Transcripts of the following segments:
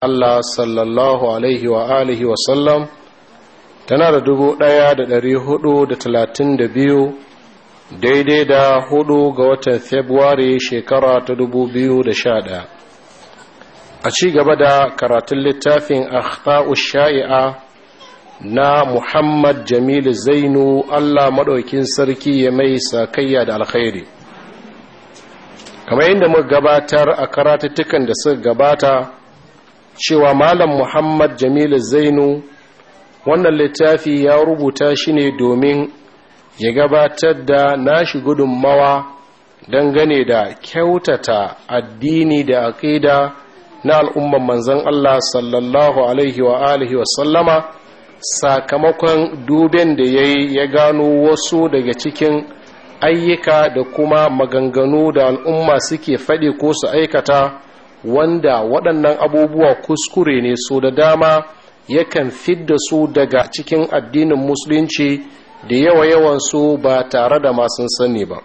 Allah sallallahu alaihi wa alihi wa sallam tana da dubu ɗaya da ɗari hudu da talatin da biyu daidai da hudu ga watan Februari shekara ta dubu biyu da sha ɗaya. A ci gaba da karatun littafin Akhta'u Sha'i'a na Muhammad Jamilu Zainu Allah maɗaukin sarki ya mai sakayya da alkhairi. Kamar yadda muka gabatar a karatattukan da suka gabata, cewa malam muhammad jamilu zainu wannan littafi ya rubuta shi ne domin ya gabatar da nashi gudunmawa dangane da kyautata addini da aƙida na al'umman manzan Allah sallallahu alaihi wa alihi wa sallama sakamakon duben da ya ya gano wasu daga cikin ayyuka da kuma maganganu da al'umma suke faɗi ko su aikata wanda waɗannan abubuwa kuskure ne so da dama yakan fidda su daga cikin addinin musulunci da yawa yawansu ba tare da masu sani ba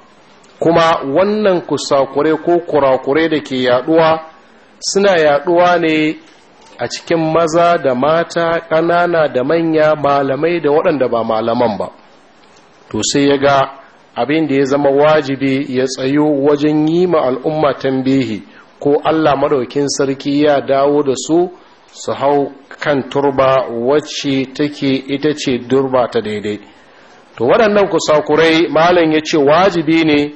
kuma wannan kusakure ko kurakure da ke yaduwa suna yaduwa ne a cikin maza da mata ƙanana da manya malamai da waɗanda ba malaman ba to sai ya ga abin da ya zama wajibi ya tsayo wajen yi ma al'umma tambihi ko Allah maɗaukin sarki ya dawo da su su hau kan turba wacce take ita ce durba ta daidai to waɗannan kusakurai malam ya ce wajibi ne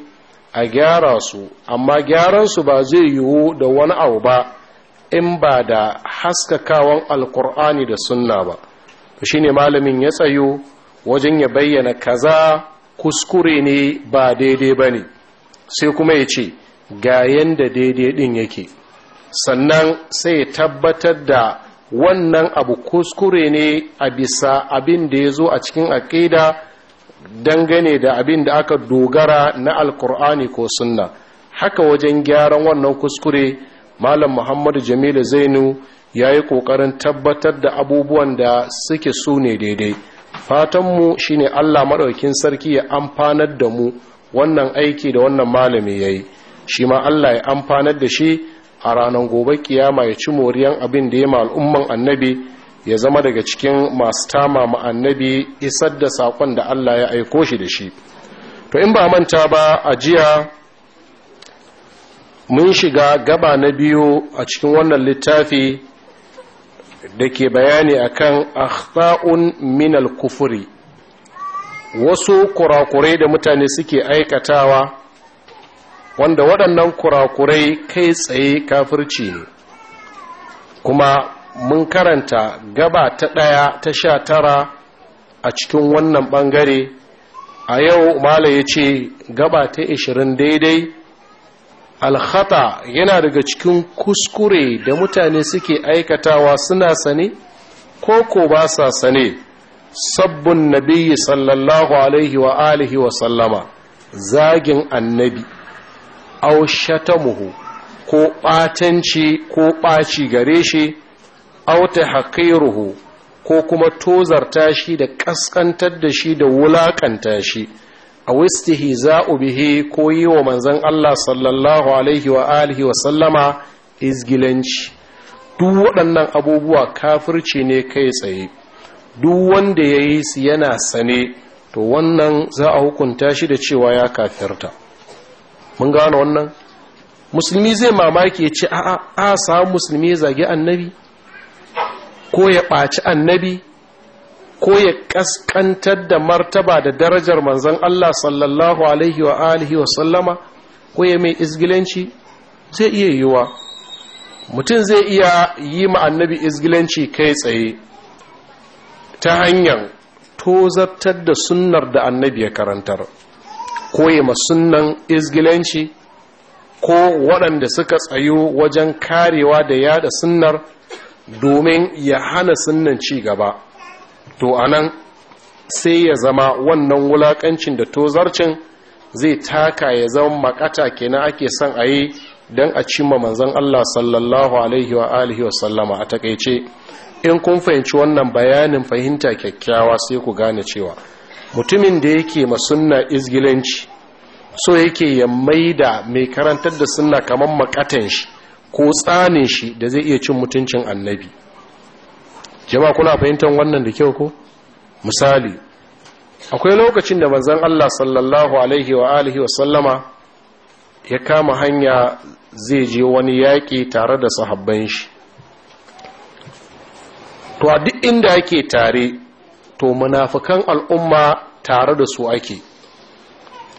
a gyara su amma gyaran su ba zai yiwu da wani abu ba in ba da haskakawan alkur'ani da sunna ba to shine malamin ya tsayo wajen ya bayyana kaza kuskure ne ba daidai ba ne sai kuma ya ce ga yanda daidai din yake sannan sai ya tabbatar da wannan abu kuskure ne a bisa abin da ya zo a cikin aƙida dangane da abin da aka dogara na alkur'ani ko sunna haka wajen gyaran wannan kuskure malam muhammadu jamilu zainu ya yi ƙoƙarin tabbatar da abubuwan da suke su ne daidai fatanmu shine allah maɗaukin sarki ya amfanar da mu wannan aiki da wannan malami ya yi shi ma Allah ya amfanar da shi a ranar gobe kiyama ya ci moriyan abin da ya ma al'umman annabi ya zama daga cikin masu tama ma annabi isar da saƙon da Allah ya aiko shi da shi to in ba manta ba a jiya mun shiga gaba na biyu a cikin wannan littafi da ke bayani akan akhta'un minal minal kufuri, wasu kurakurai da mutane suke aikatawa wanda waɗannan kurakurai kai tsaye kafirci ne kuma mun karanta gaba ta ɗaya ta sha tara a cikin wannan ɓangare a yau mala ya ce gaba ta ishirin daidai alhata yana daga cikin kuskure da mutane suke aikatawa suna sane ko ko ba sa sane sabbin Nabiyyu, sallallahu alaihi wa alihi wa sallama zagin annabi aw shatamuhu ko ɓatanci ko ɓaci gare shi aw tahqiruhu ko kuma tozarta shi da ƙasƙantar da shi da wulaƙanta shi a wistihi u bihi ko yi wa manzan Allah sallallahu alaihi wa alihi wa sallama izgilanci duk waɗannan abubuwa kafirci ne kai tsaye duk wanda ya yi su yana sane to wannan za a hukunta shi da cewa ya kafirta mun gano wannan musulmi zai mamaki ya ce a a samu musulmi ya zage annabi ko ya ɓaci annabi ko ya ƙasƙantar da martaba da darajar manzan Allah sallallahu alaihi wa alihi wa sallama ko ya mai izgilanci zai iya yiwa mutum zai iya yi ma annabi izgilanci kai tsaye ta hanyar tozartar da sunnar da annabi ya karantar koye sunnan izgilanci ko waɗanda suka tsayo wajen karewa da yada sunnar domin ya hana sunan ci gaba to anan sai ya zama wannan wulaƙancin da tozarcin zai taka ya zama makata kenan ake son a yi don a cimma manzan Allah sallallahu alaihi wa alihi wa sallama a takaice in kun fahimci wannan bayanin fahimta kyakkyawa sai ku gane cewa mutumin da yake ma sunna izgilanci so yake ya maida mai karantar da sunna kamar makatan shi ko tsanin shi da zai iya cin mutuncin annabi jama'a kuna fahimtar wannan da kyau ko misali akwai lokacin da manzon Allah sallallahu alaihi wa alihi wa sallama ya kama hanya zai je wani yaƙi tare da sahabban shi to a duk inda yake tare to munafikan al'umma tare da su ake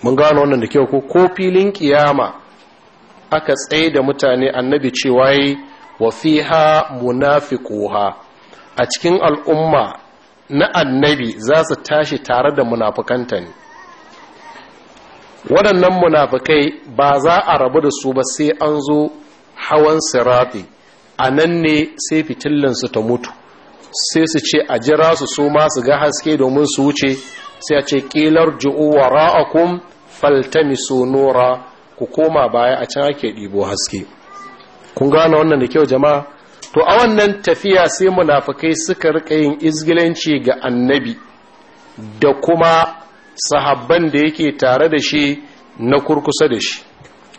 mun gano wannan da kyau ko ko filin kiyama aka tsaye da mutane annabi cewa yi wa fiha munafiquha a cikin al'umma na annabi za su tashi tare da munafukanta ne waɗannan munafukai ba za a rabu da su ba sai an zo hawan sirafi a nan ne sai fitillinsu ta mutu sai su ce a jira su su ma su ga haske domin su wuce sai a ce ƙilar ji'u wa ra'akum faltamisu nura ku koma baya a can ake ɗibo haske kun gane wannan da kyau jama'a to a wannan tafiya sai munafukai suka rika yin izgilanci ga annabi da kuma sahabban da yake tare da shi na kurkusa da shi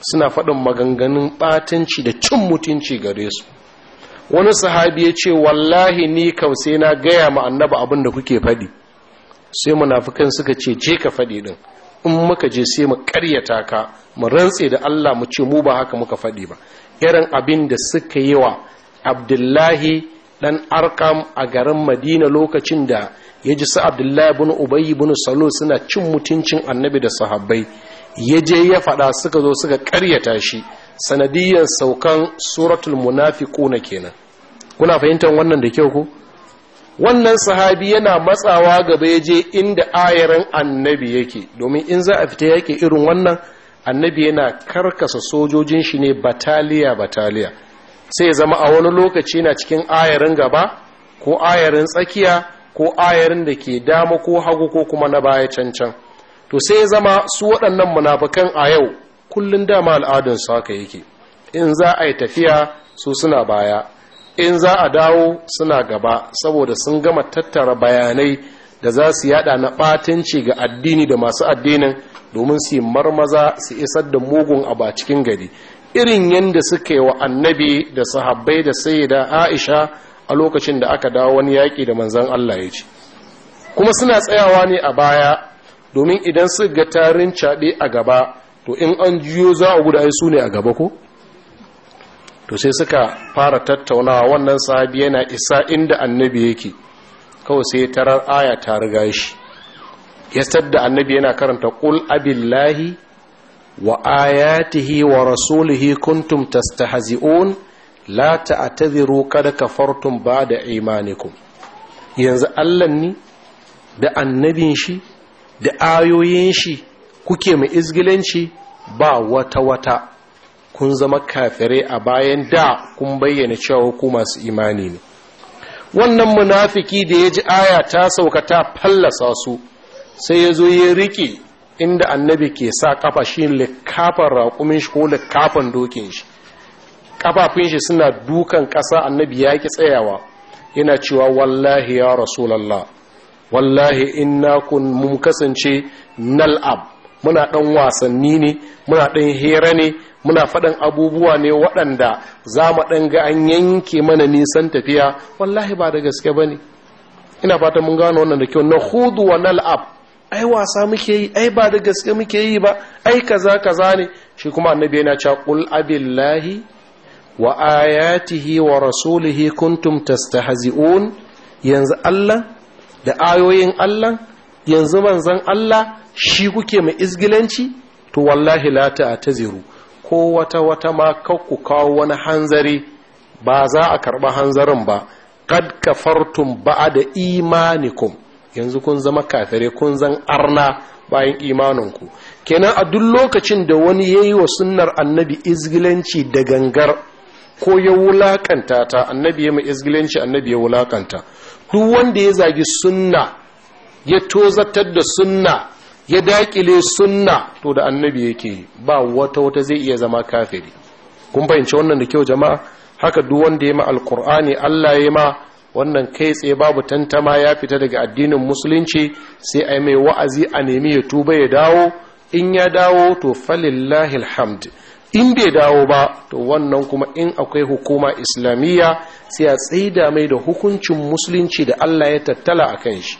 suna faɗin maganganun ɓatanci da cin mutunci gare su wani sahabi ya ce wallahi ni kam sai na gaya ma annaba abin da kuke faɗi sai munafukan suka ce je ka faɗi din in muka je sai mu karyata ka mu rantse da Allah mu ce mu ba haka muka faɗi ba irin abin da suka yi wa Abdullahi dan Arkam a garin Madina lokacin da ya ji su Abdullahi bin ubayi bin Salo suna cin mutuncin Annabi da sahabbai ya je ya faɗa suka zo suka karyata shi sanadiyyar saukan suratul munafiquna kenan kuna fahimtar wannan da kyau ko wannan sahabi yana matsawa gaba ya je inda ayaran annabi yake domin in za a fita yake irin wannan annabi yana karkasa sojojin shi ne bataliya bataliya sai ya zama a wani lokaci na cikin ayarin gaba ko ayarin tsakiya ko ayarin da ke dama ko hagu ko kuma na baya can-can, to sai zama su waɗannan munafukan a yau kullun dama al'adar su haka yake in za a yi tafiya su suna baya in za a dawo suna gaba saboda sun gama tattara bayanai da za su yada na batanci ga addini da masu addinin domin su yi marmaza su isar da mugun abu a cikin gari irin yadda suka yi wa annabi da sahabbai da sayyida aisha a lokacin da aka dawo wani yaƙi da manzan Allah ya ce kuma suna tsayawa ne a baya domin idan su ga tarin caɗe a gaba to in an jiyo za a guda su ne a gaba ko to sai suka fara tattaunawa wannan sahabi yana isa inda annabi yake kawai sai tarar aya ta riga shi ya sadda annabi yana karanta qul abillahi wa ayatihi wa rasulihi kuntum tastahzi'un la ta'tadhiru qad kafartum ba'da imanikum yanzu allan ni da annabin shi da ayoyin shi kuke mai izgilanci ba wata-wata kun zama kafirai a bayan da kun bayyana cewa ku masu imani ne wannan munafiki da ya ji aya ta sauka ta fallasa su sai ya zo ya riƙe inda annabi ke sa kafa shi likafan raƙumin shi ko likafan dokin shi kafafin shi suna dukan ƙasa annabi ya ki tsayawa yana cewa wallahi ya rasulallah wallahi inna kun mun kasance nal'ab muna ɗan wasanni ne muna ɗan hera ne muna faɗan abubuwa ne waɗanda za mu ɗan ga an yanke mana nisan tafiya wallahi ba da gaske ba ne ina fata mun gano wannan da kyau na hudu wa nal'ab ai wasa muke yi ai ba da gaske muke yi ba ai kaza kaza ne shi kuma annabi yana cewa qul abillahi wa ayatihi wa rasulihi kuntum tastahzi'un yanzu Allah da ayoyin Allah yanzu manzan Allah shi kuke mai izgilanci to wallahi la ta ziru. ko wata wata ma ku kawo wani hanzari ba za a karba hanzarin ba kad kafartum da imanikum yanzu kun zama kafire kun zan arna bayan imaninku kenan a duk lokacin da wani ya yi wa sunnar annabi izgilanci da gangar ko ya wulakanta ta annabi ya mai izgilanci annabi ya wulakanta duk wanda ya zagi sunna ya tozatar da sunna ya daƙile sunna to da annabi yake ba wata wata zai iya zama kafiri kun fahimci wannan da kyau jama'a haka duk wanda ya ma alkur'ani Allah ya ma wannan kai tsaye babu tantama ya fita daga addinin musulunci sai ai mai wa'azi a nemi ya tuba ya dawo in ya dawo to falillahi alhamd in bai dawo ba to wannan kuma in akwai hukuma islamiyya sai a tsaida mai da hukuncin musulunci da Allah ya tattala a kan shi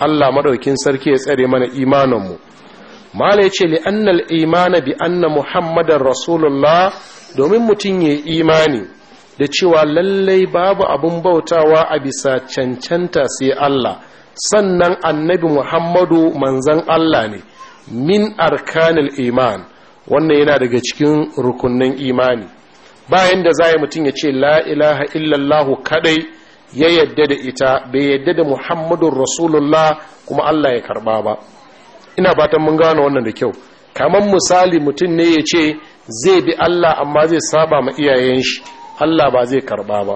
Allah maɗaukin sarki ya tsare mana imaninmu mala yace li annal imana bi anna muhammadar rasulullah domin mutum ya imani da cewa lallai babu abun bautawa a bisa cancanta sai Allah sannan annabi muhammadu manzan Allah ne min arkanil iman wannan yana daga cikin rukunnan imani bayan da za mutum ya ce la ilaha illallahu kadai ya yadda da ita bai yadda da muhammadun rasulullah kuma allah ya karba ba ina fatan mun gane wannan da kyau kamar misali mutum ne ya ce zai bi allah amma zai saba ma iyayen shi allah ba zai karba ba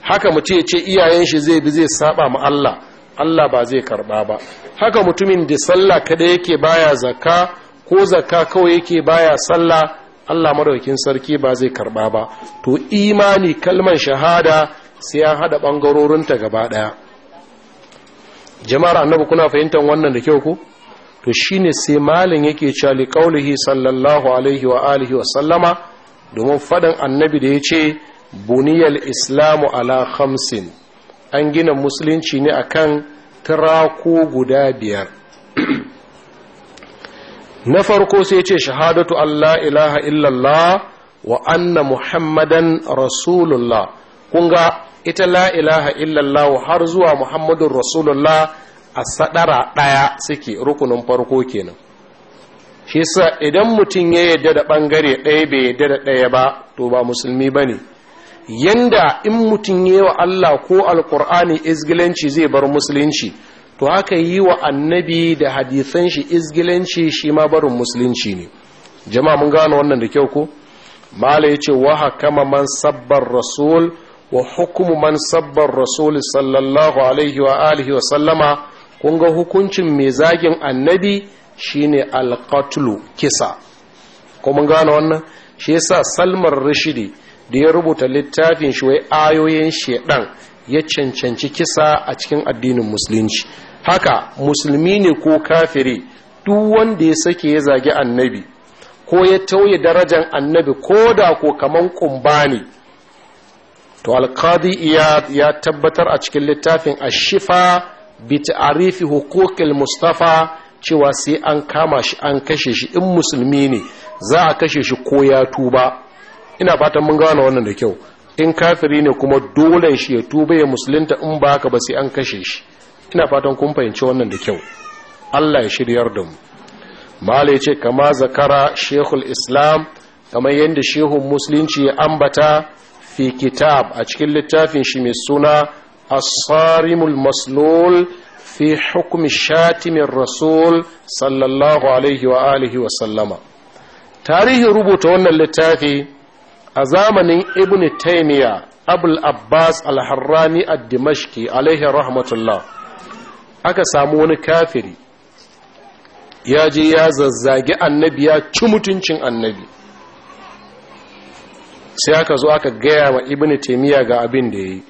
haka mutum ya ce iyayen shi zai bi zai saba ma allah allah ba zai karba ba haka mutumin da sallah kada yake baya zaka ko zaka kawai yake baya sallah allah madaukin sarki ba zai karba ba to imani kalmar shahada sai an haɗa ɓangarorinta gaba ɗaya jama'ar annabi kuna fahimtar wannan da kyau ku to shine sai malin yake cewa li qaulihi sallallahu alaihi wa alihi wa sallama domin faɗin annabi da yace buniyal islamu ala khamsin an gina musulunci ne akan tirako guda biyar na farko sai ce shahadatu Allah ilaha illallah wa anna muhammadan rasulullah kun ga ita la ilaha illallah har zuwa muhammadun rasulullah a sadara ɗaya suke rukunin farko kenan shi sa idan mutum ya yadda da bangare ɗaya bai yadda da ɗaya ba to ba musulmi ba ne yanda in mutum ya wa Allah ko alkur'ani izgilanci zai bar musulunci to haka yi wa annabi da hadithan shi izgilanci shi ma barin musulunci ne Jama mun gano wannan da kyau ko mala ya ce wa kama man sabbar rasul wa hukumu man sabbar rasul sallallahu alaihi wa alihi wa sallama kun ga hukuncin mai zagin annabi shine alqatlu kisa ko mun gane wannan shi yasa salman rashidi da ya rubuta littafin shi wai ayoyin shedan ya cancanci kisa a cikin addinin musulunci haka musulmi ne ko kafiri duk wanda ya sake ya zagi annabi ko ya tauye darajar annabi ko da ko kaman kumba ne to alkadi iyad ya tabbatar a cikin littafin ashifa bi arifi hukukil mustafa cewa sai an kama shi an kashe shi in musulmi ne za a kashe shi ko ya tuba ina fatan mun gane wannan da kyau in kafiri ne kuma dole shi ya tuba ya musulunta in ba haka ba sai an kashe shi ina fatan kun fahimci wannan da kyau Allah ya shiryar da mu malai ce kama zakara shehul islam kamar yadda shehun musulunci ya ambata fi kitab a cikin littafin shi mai suna asarimul maslul fi hukumi shatimin rasul sallallahu alaihi wa alihi wa sallama tarihin rubuta wannan littafi a zamanin ibn taimiyya abul abbas al-harrani ad-dimashki alaihi rahmatullah aka samu wani kafiri ya je ya zazzagi annabi ya ci mutuncin annabi sai aka zo aka gaya wa ibini taimiyya ga abin da ya yi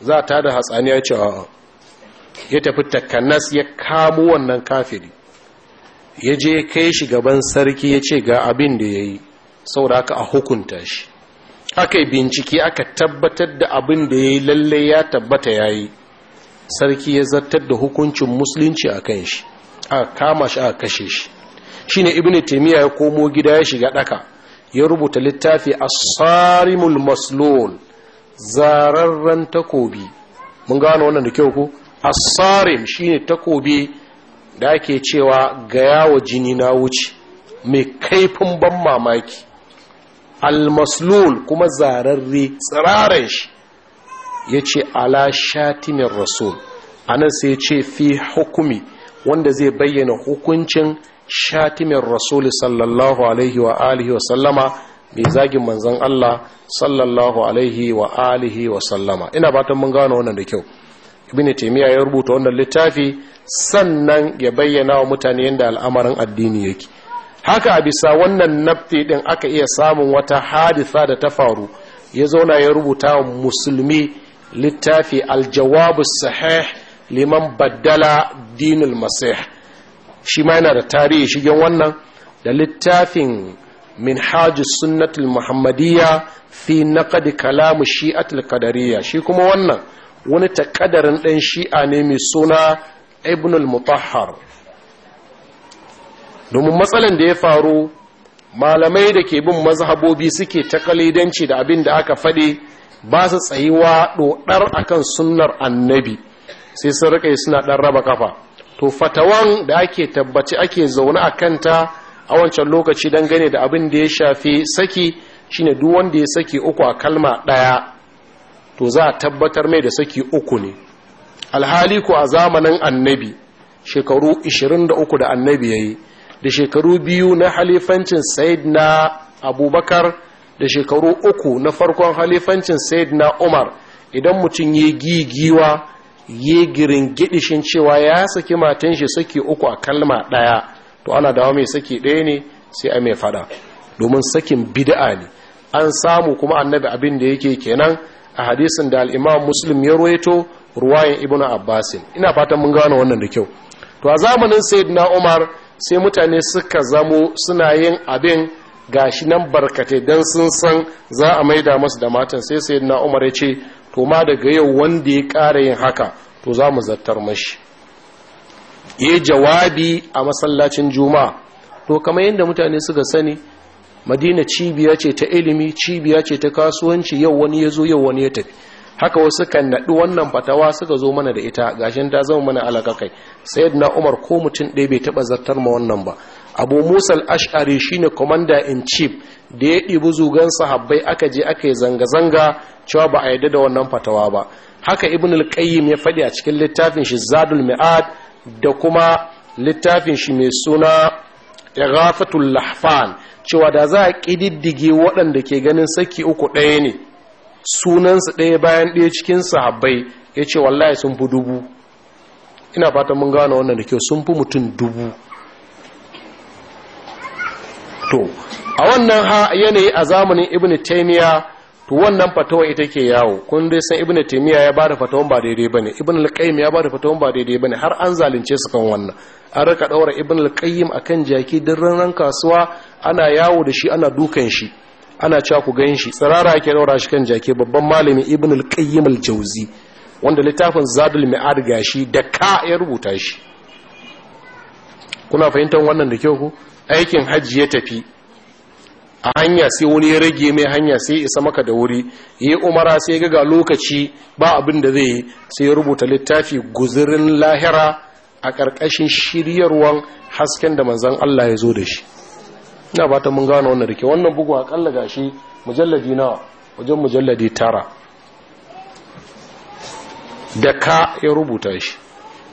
za ta da hatsaniya ce cewa ya tafi takanas ya kamo wannan kafiri ya je kai shi gaban sarki ya ce ga abin da ya yi saboda aka a hukunta shi aka yi bincike aka tabbatar da abin da ya yi lalle ya tabbata ya yi sarki ya zartar da hukuncin musulunci a kan shi aka kama shi a kashe shi shine ibini taimiyya ya komo gida ya shiga ɗaka? ya rubuta littafi a sarimul maslul zararren takobi mun gano wannan da kyau ko a sarim shine takobi da ake cewa ga yawo jini na wuce mai kaifin ban mamaki al-maslul kuma zararre tsiraren shi ya ce ala shatimin rasul anan sai ce fi hukumi wanda zai bayyana hukuncin shatimin rasuli sallallahu alaihi wa alihi wa sallama mai zagin manzan Allah sallallahu alaihi wa alihi wa sallama ina batan mun gano wannan da kyau ibn taymiya ya rubuta wannan littafi sannan ya bayyana wa mutane yadda al'amarin addini yake haka a bisa wannan nafti din aka iya samun wata hadisa da ta faru ya zauna ya rubuta wa musulmi littafi aljawabu sahih liman baddala dinul masih shi ma yana da tarihi shigen wannan da littafin min haji sunnatul muhammadiyya fi kalamu kalam shi'atul qadariyya shi kuma wannan wani takadarin ɗan shi'a ne mai suna ibnul mutahhar domin matsalan da ya faru malamai da ke bin mazhabobi suke takalidanci da abin da aka faɗi ba su tsayiwa ɗoɗar akan sunnar annabi sai sun rika suna ɗan raba kafa to fatawan da ake tabbaci ake zaune a kanta a wancan lokaci don gane da abin da ya shafi saki shine duk wanda ya saki uku a kalma ɗaya to za a tabbatar mai da saki uku ne alhali ku a zamanin annabi shekaru 23 da annabi ya yi da shekaru biyu na halifancin said na abubakar da shekaru uku na farkon halifancin said na umar idan mutum ya gigiwa yi girin gidishin cewa ya saki matan shi saki uku a kalma ɗaya to ana dawo mai saki ɗaya ne sai a mai fada domin sakin bid'a ne an samu kuma annabi abin da yake kenan a hadisin da al'imam muslim ya ruwaito ruwayan ibn abbasin ina fatan mun gano wannan da kyau to a zamanin sayyidina umar sai mutane suka zamo suna yin abin gashi nan barkatai don sun san za a maida masu da matan sai sayyidina umar ya ce to ma daga yau wanda ya ƙara yin haka to za mu zartar mashi ya jawabi a masallacin juma'a to kamar yadda mutane suka sani madina cibiya ce ta ilimi cibiya ce ta kasuwanci yau wani ya zo yau wani ya tafi haka wasu kan naɗi wannan fatawa suka zo mana da ita gashin ta zama mana alakakai sai na umar ko mutum ɗaya bai taɓa zartar ma wannan ba abu musal ash'ari shine commander in chief da ya ɗibi zugan sahabbai aka je aka yi zanga-zanga cewa ba a yarda da wannan fatawa ba haka ibn al-qayyim ya faɗi a cikin littafin shi zadul mi'ad da kuma littafin shi mai suna ighafatul lahfan cewa da za a ƙididdige waɗanda ke ganin saki uku ɗaya ne sunansu ɗaya bayan ɗaya cikin sahabbai ya ce wallahi sun fi dubu ina fata mun gane wannan da kyau sun fi mutum dubu to a wannan ha yanayi a zamanin ibn taymiya to wannan fatawa ita ke yawo kun dai san ibn taymiya ya bada fatawan ba daidai bane ibn al-qayyim ya bada fatawan ba daidai bane har an zalunce su kan wannan an raka daura ibn al-qayyim akan jaki don ran kasuwa ana yawo da shi ana dukan shi ana cewa ku gan shi tsirara yake daura shi kan jaki babban malami ibn al-qayyim al-jawzi wanda littafin zadul mi'ad gashi da ka ya rubuta shi kuna fahimtar wannan da kyau ku aikin hajji ya tafi a hanya sai wani ya rage mai hanya sai isa maka da wuri yi umara sai gaga lokaci ba abin da zai sai rubuta littafi guzurin lahira a ƙarƙashin shiryarwan hasken da manzan Allah ya zo da shi ina ba ta mun gano wannan rike wannan bugu a ga shi mujalladi nawa wajen mujalladi tara da ka ya rubuta shi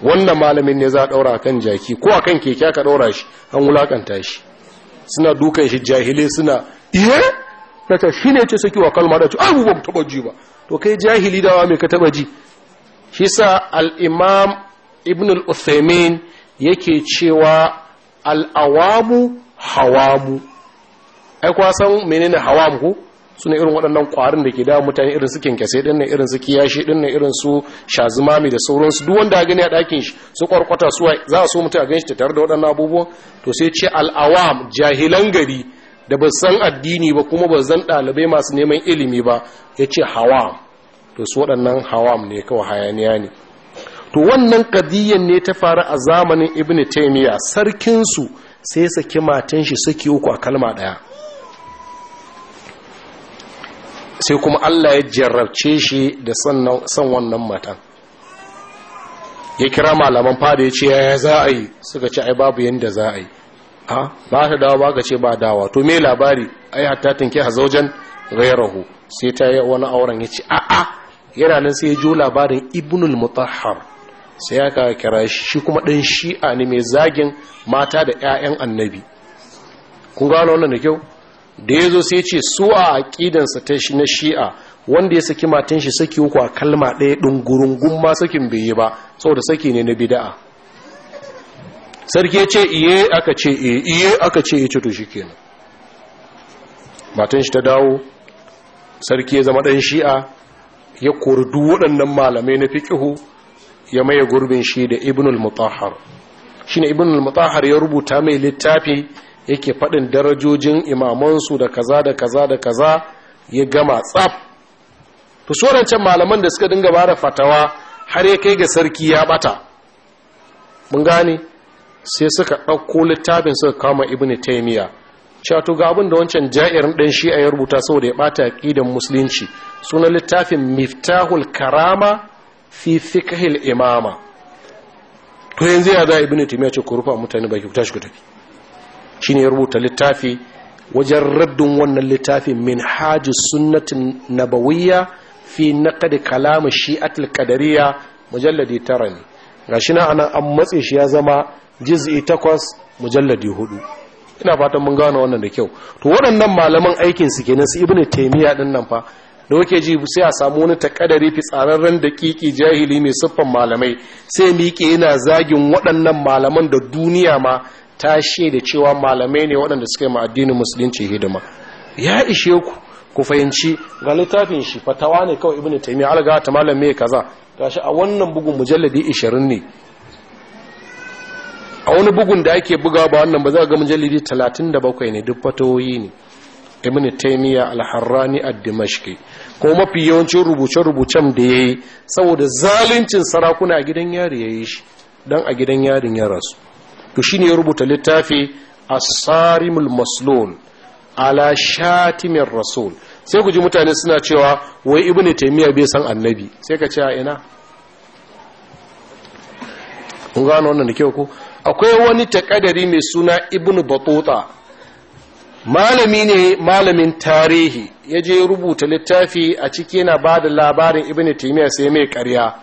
wannan malamin ne za a daura kan jaki ko a kan keke aka ɗaura shi an wulakanta shi suna dukan shi jahilai suna iya daga shi ne ce suke wa kalma da ce ai ba taba ji ba to kai jahili da wa mai ka taɓa ji shi sa al-imam ibn al-uthaymin yake cewa al-awamu hawamu ai kwa menene hawamu ko suna irin waɗannan ƙwarin da ke da mutane irin su kyankyase ɗin nan irin su kiyashi ɗin nan irin su shazimami da sauransu duk wanda ya gani a ɗakin shi su kwarkwata su za a so mutum a gan shi tare da waɗannan abubuwan to sai ce al'awam jahilan gari da ba san addini ba kuma ba zan ɗalibai masu neman ilimi ba ya ce hawam to su waɗannan hawam ne kawai hayaniya ne to wannan kadiyyan ne ta faru a zamanin ibn taymiya sarkinsu sai saki matan shi saki uku a kalma ɗaya sai kuma Allah ya jarrabce shi da san wannan matan ya kira malaman fada ya ce ya za a yi suka ce ai babu yadda za a yi ha ba ta dawa ba ka ce ba dawa to me labari ai hatta a hazaujan gairahu sai ta yi wani auren ya ce a'a yana nan sai ya jo labarin ibnul mutahhar sai ya ka kira shi kuma ɗan shi'a ne mai zagin mata da 'ya'yan annabi kun gano wannan da kyau da ya zo sai ce su a aƙidansa ta na shi'a wanda ya saki matan shi saki uku a kalma ɗaya ɗungurungun gumma sakin bai yi ba saboda saki ne na bida'a sarki ya ce iye aka ce iye eh, iye aka ce iye to shi kenan matan shi ta dawo sarki ya zama ɗan shi'a ya kori duk waɗannan malamai na fiƙihu ya maye gurbin shi da ibnul mutahar shine ibnul mutahar ya rubuta mai littafi yake faɗin darajojin imamansu da kaza da kaza da kaza ya gama tsaf to sorancan malaman da suka dinga bada fatawa har ya kai ga sarki ya bata mun gane sai suka ɗauko littafin suka kama ibn taymiya cewa to ga abin da wancan ja'irin ɗan shi a ya rubuta saboda ya ɓata ƙidan musulunci sunan littafin miftahul karama fi fikhil imama to yanzu ya za ibn taymiya ce ku rufa mutane baki ku tashi ku tafi shine ya rubuta littafi wajen raddin wannan littafin min hajji sunnatin nabawiyya fi na kalama shi shi'atul qadariyya mujalladi tara ne shi na anan an matse shi ya zama jizi takwas mujalladi hudu ina fatan mun gane wannan da kyau to waɗannan malaman aikin su kenan su ibnu taymiya din nan fa da wake ji sai a samu wani takadari fitsararren dakiki jahili mai siffan malamai sai miƙe yana zagin waɗannan malaman da duniya ma ta da cewa malamai ne waɗanda suka yi ma addinin musulunci hidima ya ishe ku ku fahimci ga littafin shi fatawa ne kawai ibnu taymiya alga ta malam kaza gashi a wannan bugun mujalladi 20 ne a wani bugun da ake buga ba wannan ba za ga mujalladi 37 ne duk fatawoyi ne ibn taymiya al-harrani ad ko mafi yawancin rubuce-rubucen da yayi saboda zaluncin sarakuna a gidan yari yayi shi dan a gidan yarin ya rasu to shine ya rubuta littafi a tsarimul maslun ala shatimin rasul sai ku ji mutane suna cewa wai Ibn taymiya bai san annabi sai ka ce a ina kun gano wannan da kyau ko akwai wani takadari mai suna ibnu batuta malami ne malamin tarihi ya je rubuta littafi a ciki yana ba da labarin Ibn taymiya sai mai karya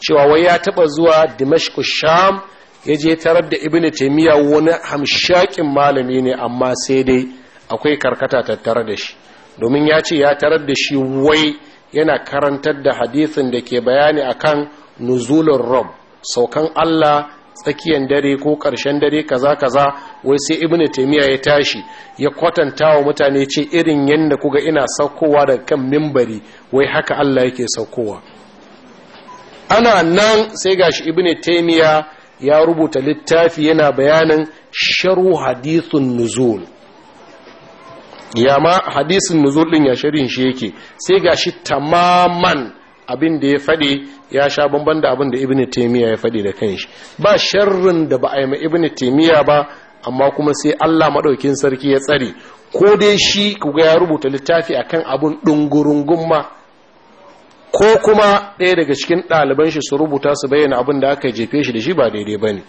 cewa wai ya taba zuwa dimashq sham ya je tarar da ibn taimiyya wani hamshakin malami ne amma sai dai akwai karkata tattare da shi domin ya ce ya tarar da shi wai yana karantar da hadisin da ke bayani a kan nuzulun rob saukan allah tsakiyar dare ko ƙarshen dare kaza kaza wai sai ibn taimiyya ya tashi ya kwatanta wa mutane ce irin yadda kuga ina saukowa daga kan mimbari wai haka allah yake saukowa ana nan sai gashi ibn taimiyya ya rubuta littafi yana bayanin sharu hadithun nuzul ya ma hadisin nuzul din ya sharin shi yake sai ga gashi tamaman abin da ya faɗi ya sha bamban da abin da ibn taymiya ya faɗi da kanshi ba sharrin da ba a yi ma ibn taymiya ba amma kuma sai Allah maɗaukin sarki ya tsare ko dai shi kuga ya rubuta littafi akan abun dungurungun ma ko kuma ɗaya daga cikin ɗaliban shi su rubuta su bayyana abin da aka jefe shi da shi ba daidai ba ne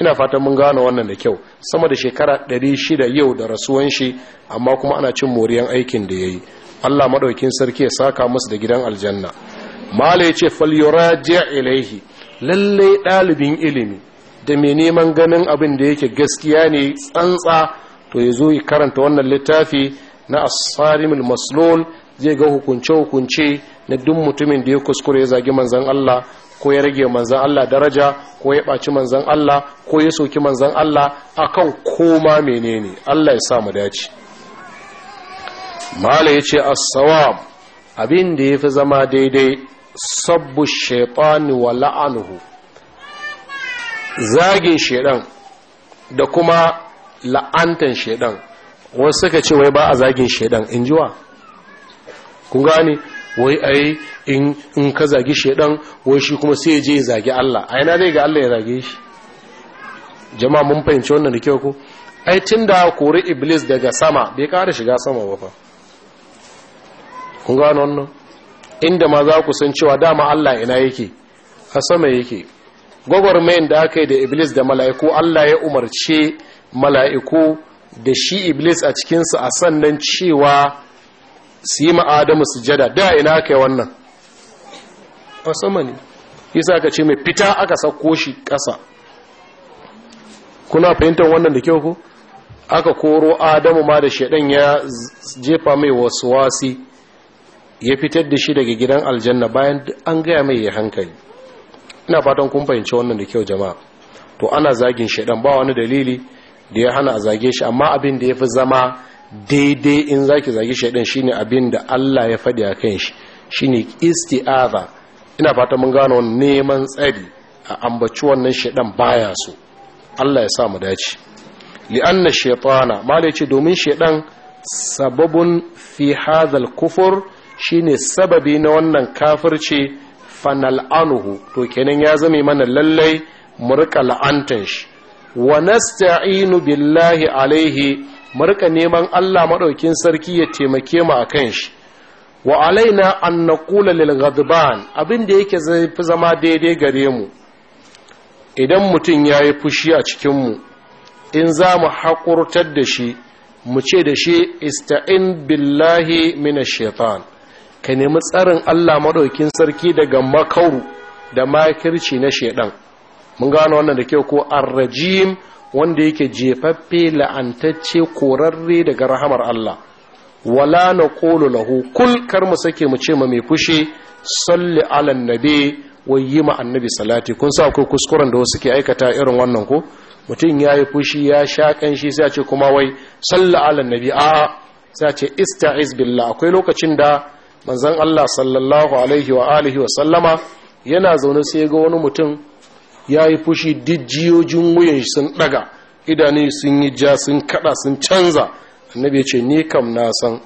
ina fatan mun gano wannan da kyau sama da shekara 600 yau da rasuwan shi amma kuma ana cin moriyan aikin da ya yi allah maɗaukin sarki ya saka musu da gidan aljanna mala ya ce jiya ilaihi lallai ɗalibin ilimi da mai neman ganin abin da yake gaskiya ne tsantsa to ya zo ya karanta wannan littafi na asarimul maslul zai ga hukunce-hukunce na duk mutumin da ya kuskure ya zagi manzan Allah ko ya rage manzan Allah daraja ko ya ɓaci manzan Allah ko ya soki manzan Allah akan koma menene Allah ya sa mu dace mala ya ce as abin da ya fi zama daidai sabbu shaitani wa la'anuhu zagin shaidan da kuma la'antan shaidan wasu suka ce wai ba a zagin shaidan in jiwa kun gane wai ai in in ka zagi shedan wai shi kuma sai ya je ya zagi Allah ai na dai ga Allah ya zage shi jama'a mun fahimci wannan da kyau ko ai tunda kore iblis daga sama bai kara shiga sama ba fa kun gane wannan inda ma za ku san cewa dama Allah ina yake a sama yake mai da aka yi da iblis da mala'iku Allah ya umarce mala'iku da shi iblis a cikinsu a sannan cewa su yi ma'adamu sujada da ina yi wannan a sama ne yasa ka ce mai fita aka sako shi ƙasa kuna fahimtar wannan da kyau ku? aka koro adamu ma da shaɗan ya jefa mai wasu wasi ya fitar da shi daga gidan aljanna bayan an gaya mai ya hankali ina fatan kun fahimci wannan da kyau jama'a to ana zagin shaɗan ba wani dalili da ya hana a zage shi amma abin da ya fi zama daidai in zaki zagi shaidan shine abin da Allah ya faɗi a kan shi shine isti'aza ina fata mun gano neman tsari a ambaci wannan shaidan baya so Allah ya sa mu dace li'anna shaytana ya ce domin shaidan sababun fi kufur shine sababi na wannan kafirci fanal'anuhu to kenan ya zame mana lallai mu rika la'antan shi wa nasta'inu billahi alaihi mu riƙa neman Allah maɗaukin sarki ya taimake mu kan shi wa alaina an na lil ghadban abin da yake fi zama daidai gare mu idan mutum ya yi fushi a cikinmu in za mu haƙurtar da shi mu ce da shi ista'in billahi mina shaitan ka nemi tsarin Allah maɗaukin sarki daga makauru da makirci na shaidan mun gano wannan da kyau ko arrajim wanda yake jefaffe la'antacce korarre daga rahamar Allah wala na kolo lahu kul kar mu sake mu ce ma mai fushi salli ala nabi wa yi ma annabi salati kun sa akwai kuskuren da wasu ke aikata irin wannan ko mutum ya yi fushi ya sha kanshi sai a ce kuma wai salli ala nabi a sai a ce ista'iz billah akwai lokacin da manzon Allah sallallahu alaihi wa alihi wa sallama yana zaune sai ga wani mutum ya yi fushi jiyojin wuyan sun ɗaga idane sun yi ja sun kaɗa sun canza annabi ce ni kam na san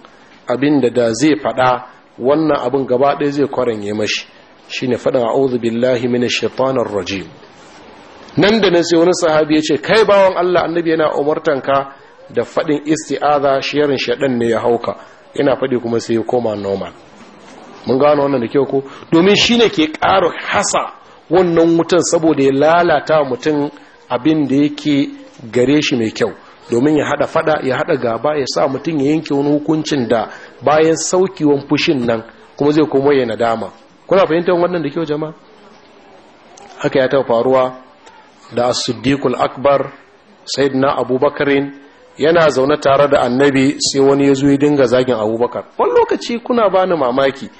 abin da da zai faɗa wannan abin gaba ɗaya zai kwaranye mashi shine faɗin a'udhu billahi minash shaitanir rajim nan da nan sai wani sahabi ya ce kai bawan Allah annabi yana umartanka da faɗin isti'aza shiyarin shaɗan ne ya hauka yana faɗi kuma sai ya koma normal mun gano wannan da kyau ko domin shi ne ke ƙara hasa wannan wutan saboda ya lalata mutum abin da yake gare shi mai kyau domin ya hada fada ya hada gaba ya sa mutum ya yanke wani hukuncin da bayan saukiwan fushin nan kuma zai kuma yana dama kuna fahimtar wannan da kyau jama. haka ya taɓa faruwa da as akbar sayyidina abubakarin yana zaune tare da annabi sai wani ya zo ya dinga zagin abubakar wani lokaci kuna bani mamaki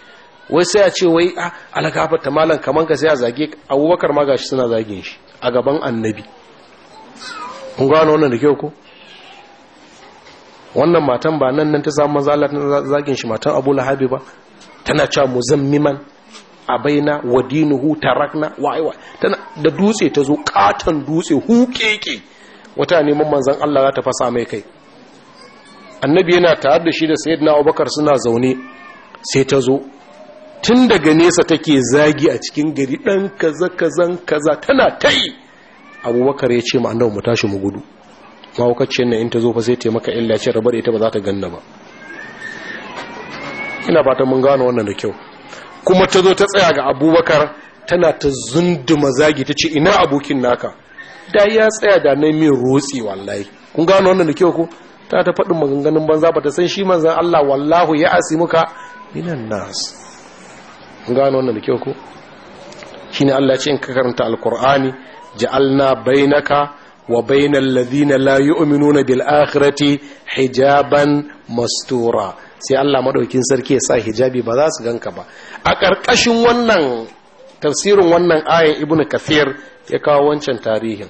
wai sai a ce wai a ah, alagafar ta malam kamar ka sai a zage abubakar ma gashi suna zagin shi a gaban annabi kun gano wannan da kyau ko wannan matan ba nan nan ta samu mazala ta zagin shi matan abu lahabi ba tana cewa muzammiman a baina wa dinuhu tarakna wa'iwa tana da dutse ta zo katon dutse hukeke wata neman manzan Allah za ta fasa mai kai annabi yana tare da shi da sayyidina abubakar suna zaune sai ta zo tun daga nesa take zagi a cikin gari ɗan kaza kazan kaza tana ta yi abubakar ya ce ma wa mu tashi mu gudu mahaukaciyar na in ta zo fa sai taimaka illa ce rabar ita ba za ta ganna ba ina fatan mun gano wannan da kyau kuma ta zo ta tsaya ga abubakar tana ta zunduma zagi ta ce ina abokin naka da ya tsaya da na min rotsi wallahi kun gano wannan da kyau ko ta ta faɗin maganganun banza ba ta san shi manzan Allah wallahu ya asimuka minan nas gano wannan da kyau ko shine Allah ce in ka karanta alkur'ani ja'alna bainaka wa bainal ladina la yu'minuna bil akhirati hijaban mastura sai Allah madaukin sarki ya sa hijabi ba za su ganka ba a ƙarƙashin wannan tafsirin wannan ayan ibnu kafir ya kawo wancan tarihin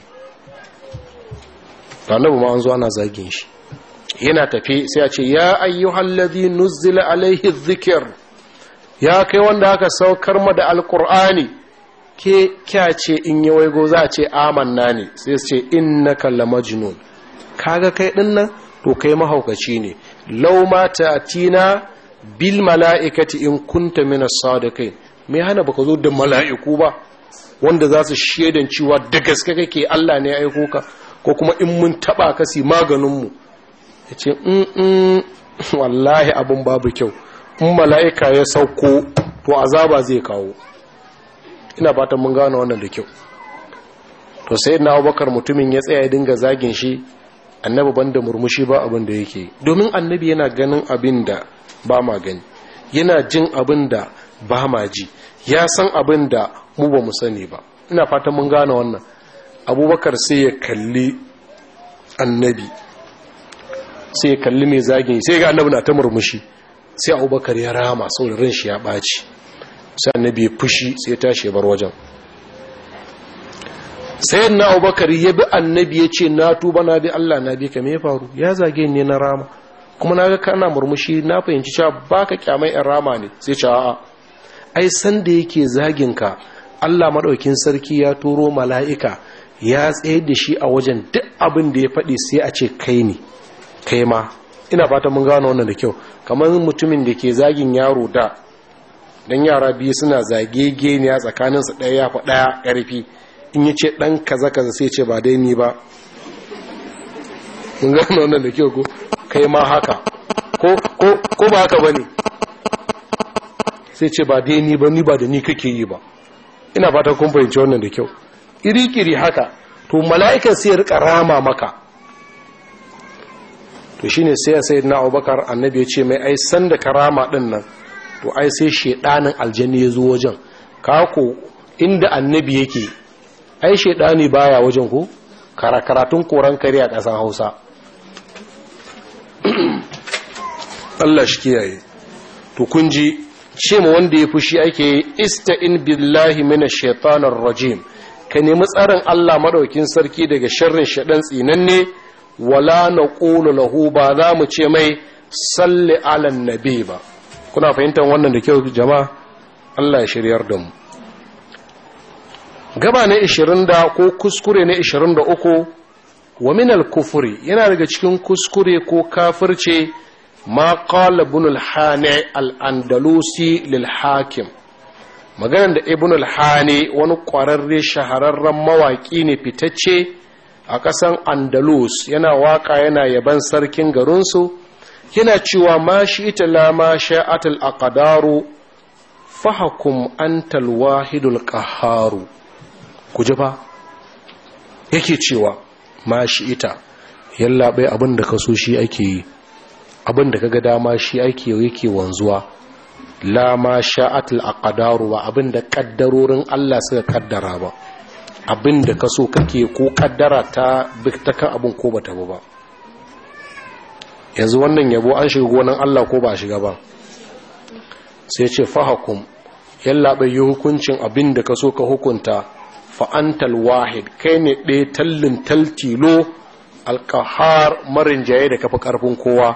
annabi ma an zo ana zagin shi yana tafi sai a ce ya ayyuhal ladhi nuzila alaihi zikir. ya kai wanda aka saukar ma da alkur'ani ke kya ce in yi waigo za a ce amanna ne sai in na kalla lamajnun kaga kai dinnan to kai mahaukaci ne law ma tina bil mala'ikati in kunta min as-sadiqin me hana baka zo da mala'iku ba wanda za su shaidan cewa da gaske kake Allah ne aiko ka ko kuma in mun taba kasi maganin mu yace in wallahi abun babu kyau in mala'ika ya sauko to azaba zai kawo ina fatan mun gane wannan da kyau to sai na abubakar mutumin ya tsaya ya dinga zagin shi annabi banda murmushi ba abin da yake domin annabi yana ganin abin da ba ma gani yana jin abin da ba ma ji ya san abin da mu ba mu sani ba ina fatan mun gane wannan abubakar sai ya kalli annabi sai ya kalli mai zagin sai ga annabi na ta murmushi sai abubakar ya rama saboda ran shi ya ɓaci sai annabi ya fushi sai tashi ya bar wajen sai na abubakar ya bi annabi ya ce na tuba na bi allah na bi ka me faru ya zage ne na rama kuma na ga kana murmushi na fahimci cewa ka kyamai 'yan rama ne sai ce ai san da yake zagin ka allah maɗaukin sarki ya turo mala'ika ya tsaye da shi a wajen duk abin da ya faɗi sai a ce kai ne kai ma ina fata mun gano wannan da kyau kamar mutumin da ke zagin yaro da dan yara biyu suna zage geniya tsakanin su daya yafa daya karfi in yace dan kaza kaza sai ce ba dai ni ba mun gano wannan da kyau ko kai ma haka ko ko ko ba haka bane sai ce ba dai ni ba ni ba da ni kake yi ba ina fata kun fahimci wannan da kyau iri kiri haka to mala'ikan sai rika rama maka to shine sai ya na Abubakar annabi ya ce mai ai san da karama din nan to ai sai shaidanin aljani ya zo wajen kako inda annabi yake ai shaidani baya wajen ku, karakaratun koran kare a ƙasan Hausa Allah shi kiyaye to kun ji ce ma wanda ya fushi ake ista'in billahi minash shaitanir rajim ka nemi tsarin Allah madaukin sarki daga sharrin shaɗan tsinanne wala na ƙulu lahu ba za mu ce mai salli alan nabi ba kuna fahimtar wannan da kyau jama'a Allah ya shiryar da mu gaba na 20 ko kuskure na 23 wa min al-kufri yana daga cikin kuskure ko kafirce ma qala ibn al-hani andalusi lil hakim maganar da ibn al wani kwararre shahararren mawaki ne fitacce a ƙasan andalus yana waƙa, yana yaban sarkin garinsu yana cewa ma shi ita la ma sha'atul aqdaru fahakum antal wahidul qaharu ku ji ba yake cewa ma shi ita yalla bai abin da kaso shi ake yi abin da kaga dama shi ake yake wanzuwa la ma sha'atul aqdaru wa abin da kaddarorin Allah suka kaddara ba abin da ka so kake ko kaddara ta ta kan abin ko bata ba yanzu wannan yabo an shiga gonan Allah ko ba shiga ba sai ce fahakum yallaɓe yi hukuncin abin da ka so ka hukunta fa'antal wahid kai ne ɗaya tallin taltilo alkahar marin jaye da kafa karfin kowa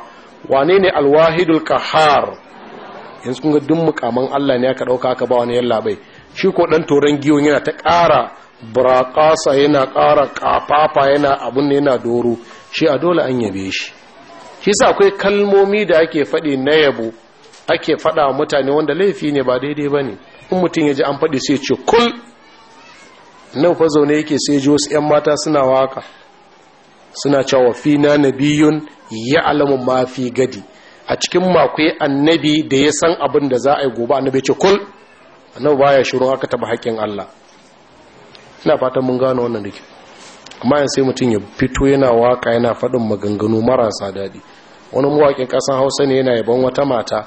wane ne alwahidul kahar yanzu kun ga duk mukaman Allah ne aka ɗauka aka ba wani yallaɓe shi ko ɗan toron giyon yana ta ƙara burakasa yana ƙara ƙafafa yana abun yana doro shi a dole an yabe shi shi sa akwai kalmomi da ake faɗi na yabo ake faɗa mutane wanda laifi ne ba daidai ba ne in mutum ya ji an faɗi sai ce kul nan fa zaune yake sai ji wasu 'yan mata suna waka suna cewa fina nabiyun ya alamu ma fi gadi a cikin makwai annabi da ya san abin da za a yi gobe annabi ce kul annabi baya shirin aka taɓa haƙƙin Allah ina fatan mun gano wannan da ke amma yanzu sai mutum ya fito yana waka yana faɗin maganganu marasa daɗi wani mawakin ƙasan hausa ne yana yaban wata mata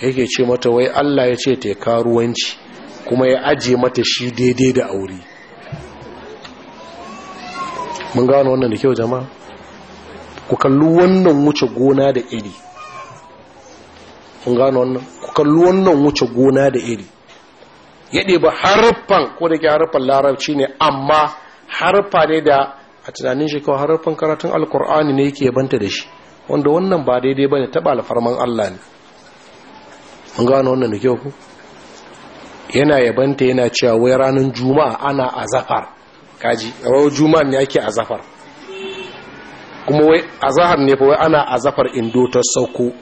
yake ce mata wai allah ya ce ta yi karuwanci kuma ya ajiye mata shi daidai da aure mun gano wannan da kyau jama'a ku kalli wannan wuce gona da iri Mun gano wannan ku kalli wannan wuce gona da iri ya ɗiba haruffan ko da ke haruffan larabci ne amma haruffa ne da a tunanin shi kawai haruffan karatun alkur'ani ne yake banta da shi wanda wannan ba daidai ba ne taɓa alfarman allah ne mun gano wannan da kyau ku yana yabanta yana cewa wai ranar juma'a ana a zafar kaji rawar juma'a ne ake a zafar kuma wai a zahar ne fa wai ana a zafar indo ta sauko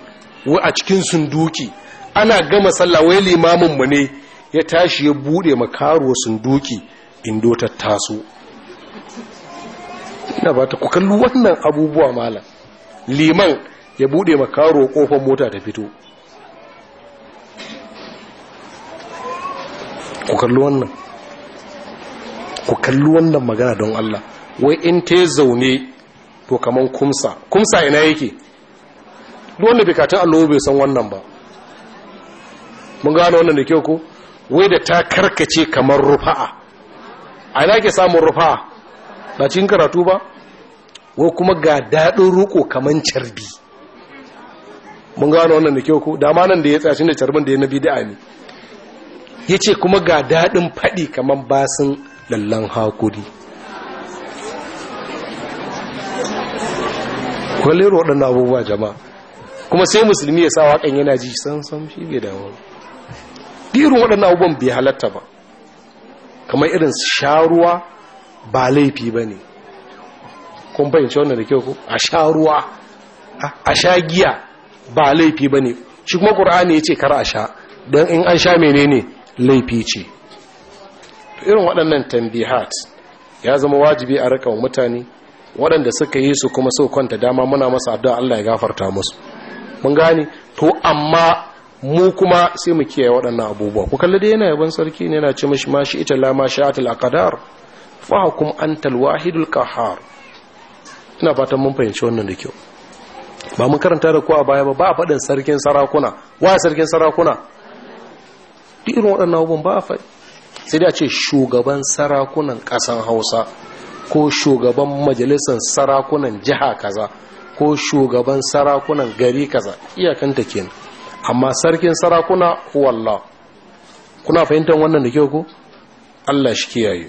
wai a cikin sunduki ana gama sallah wai limamin mu ne ya tashi ya bude sun sunduki indo ta taso ina ba ta ku wannan abubuwa malam liman ya bude makaro kofar mota ta fito ku wannan ku wannan magana don Allah wai in ta zaune to kaman kumsa kumsa ina yake duk wanda kata allo bai san wannan ba mun gano wannan da kyau ko wai da ta karkace kamar rufa'a a ina ke samun rufa'a ba cikin karatu ba wai kuma ga daɗin ruko kamar carbi mun gano wannan da kyau ko dama nan da ya tsashen da carbin da ya na da'a ne ce kuma ga daɗin faɗi kamar basin lallan hakuri kwallero waɗannan abubuwa jama'a kuma sai musulmi ya sa waƙan yana ji san san shi bai dawo irin waɗannan abubuwan bai halatta ba kamar irin sharuwa ba laifi ba ne kun fahimci wannan da kyau a sharuwa a sha giya ba laifi ba ne shi kuma ƙur'ani ya ce kar a sha don in an sha menene laifi ce irin waɗannan tambihat ya zama wajibi a rika mutane waɗanda suka yi su kuma sau kwanta dama muna masa addu'a Allah ya gafarta musu mun gane to amma mu kuma sai mu kiyaye waɗannan abubuwa ku kalli da yana yaban sarki ne yana ce mashi ma shi ita la sha'atul aqdar fa hukum antal wahidul qahar ina fatan mun fahimci wannan da kyau ba mun karanta da ku a baya ba ba faɗin sarkin sarakuna wa sarkin sarakuna duk irin waɗannan abubuwan ba a sai dai a ce shugaban sarakunan ƙasan hausa ko shugaban majalisar sarakunan jiha kaza ko shugaban sarakunan gari kaza iyakanta kenan amma sarkin sarakuna huwallah kuna fahimtar wannan da kyau ku Allah shi kiyaye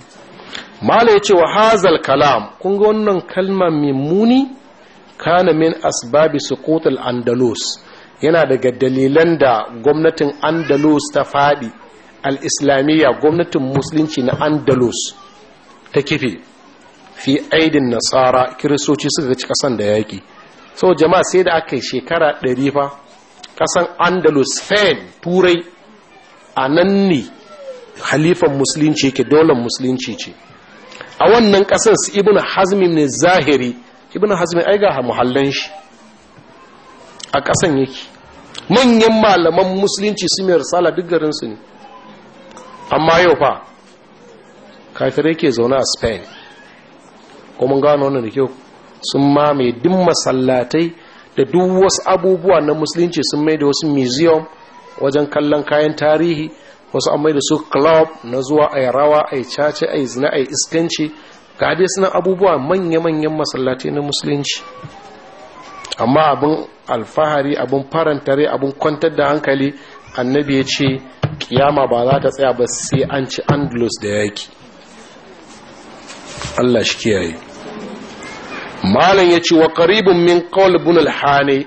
malai ce wa hazal kalam kun ga wannan kalma mai muni kana min asbabi suqut al andalus yana daga dalilan da gwamnatin andalus ta fadi al islamiyya gwamnatin musulunci na andalus ta kife fi aidin nasara kiristoci suka ci kasan da yaki so jama'a sai da aka yi shekara 100 fa kasan andalus spain turai a nan ne halifan musulunci ke dolan musulunci ce a wannan kasan su ibn hazmi ne zahiri ibn hazmi ai ga muhallan shi a kasan yake manyan malaman musulunci su mai risala duk garinsu ne amma yau fa kafirai ke zaune a spain kuma gano wannan da kyau sun mamaye dimma masallatai da duk wasu abubuwa na musulunci sun mai da wasu museum wajen kallon kayan tarihi wasu an mai da su club na zuwa a rawa a yi cace a yi zina a yi iskanci ga dai suna abubuwa manya-manyan masallatai na musulunci amma abin alfahari abin farantare abin kwantar da hankali annabi ya ce kiyama ba za ta tsaya ba sai an ci andalus da yaki allah shi kiyaye malam ya ce wa karibin min qawl ibn al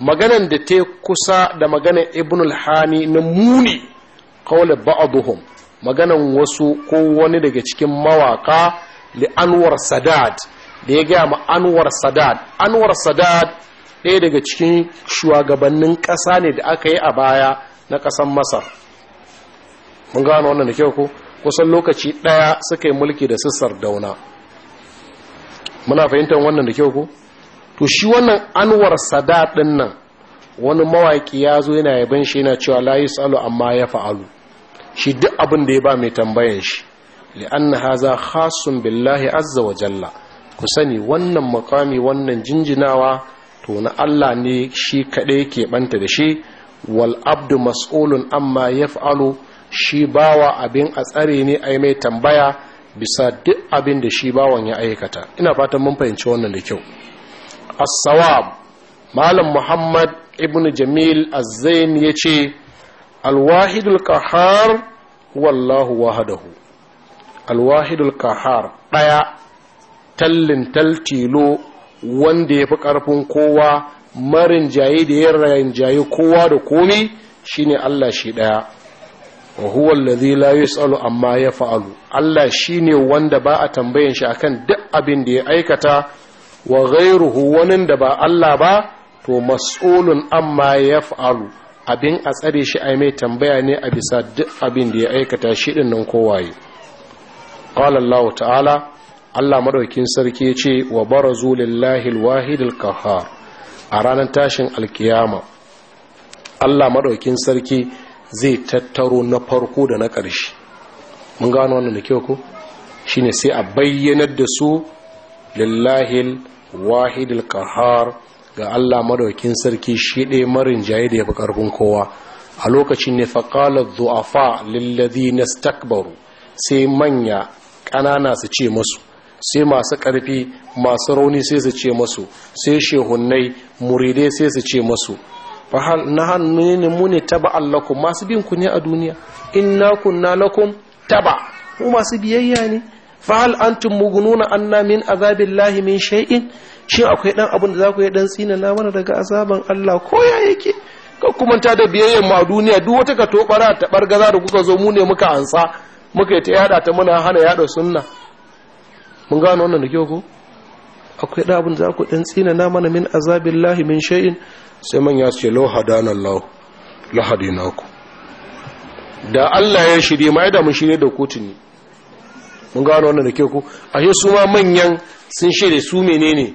maganan da ta kusa da maganan ibn al-hani na muni qawl buhun maganan wasu ko wani daga cikin mawaka li anwar sadad da ya gaya ma anwar sadad anwar sadad ɗaya daga cikin shugabannin ƙasa ne da aka yi a baya na ƙasan masar mun gano wannan da kyau ko kusan lokaci ɗaya suka yi mulki da sissar dauna muna fahimtar wannan da kyau ko to shi wannan anwar sadat din nan wani mawaki ya zo yana yaban shi yana cewa la yusalu amma ya fa'alu shi duk abin da ya ba mai tambayan shi li'anna haza khasun billahi azza wa jalla ku sani wannan makami wannan jinjinawa to na Allah ne shi kaɗai yake banta da shi wal abdu mas'ulun amma yaf'alu shi bawa abin a tsare ne ai mai tambaya bisa duk abin da shi bawan ya aikata ina fatan mun fahimci wannan da kyau as-sawab malam muhammad ibn jamil az-zain yace al-wahidul qahar wallahu wahdahu al-wahidul qahar daya tallin taltilo wanda yafi karfin kowa marin jaye da yin rayan jaye kowa da komai shine Allah shi daya wa huwa alladhi la yusalu amma yaf'alu Allah shine wanda ba a tambayan shi akan duk abin da ya aikata wa gairu wani da ba Allah ba to mas'ulun amma ya yaf'alu abin a tsare shi a mai tambaya ne a bisa duk abin da ya aikata shi din nan kowaye qala Allah ta'ala Allah maɗaukin sarki ya ce wa barazu lillahi alwahid alqahhar a ranar tashin alkiyama Allah maɗaukin sarki zai tattaro na farko da na ƙarshe mun gano wannan da kyau ko shine sai a bayyanar da su lillahil wahidil qahar ga Allah madaukin sarki shi ɗaya marin jaye da yafi ƙarfin kowa a lokacin ne faqala dhu'afa na istakbaru sai manya ƙanana su ce masu sai masu ƙarfi masu rauni sai su ce masu sai shehunnai muridai sai su ce masu fahal na hannu ne taba allakum masu bin ku ne a duniya inna kunna lakum taba mu masu biyayya ne fahal antum mugununa anna min azabillahi min shay'in shin akwai dan abin da za ku yi dan tsina na mana daga azaban Allah ko ya yake ka kuma ta da biyayyen mu a duniya duk wata ka tobara ta bargaza da kuka zo mu ne muka ansa muka yi ta yada ta muna hana yada sunna mun gano wannan da kyau ko akwai dan abin da za ku dan tsina na mana min azabillahi min shay'in sai manya su ce lauhadana Allah lahadina ku da Allah ya shirye ma ya mun shirye da kotu ne mun gano wannan da ke ku ashe su ma manyan sun shirye su menene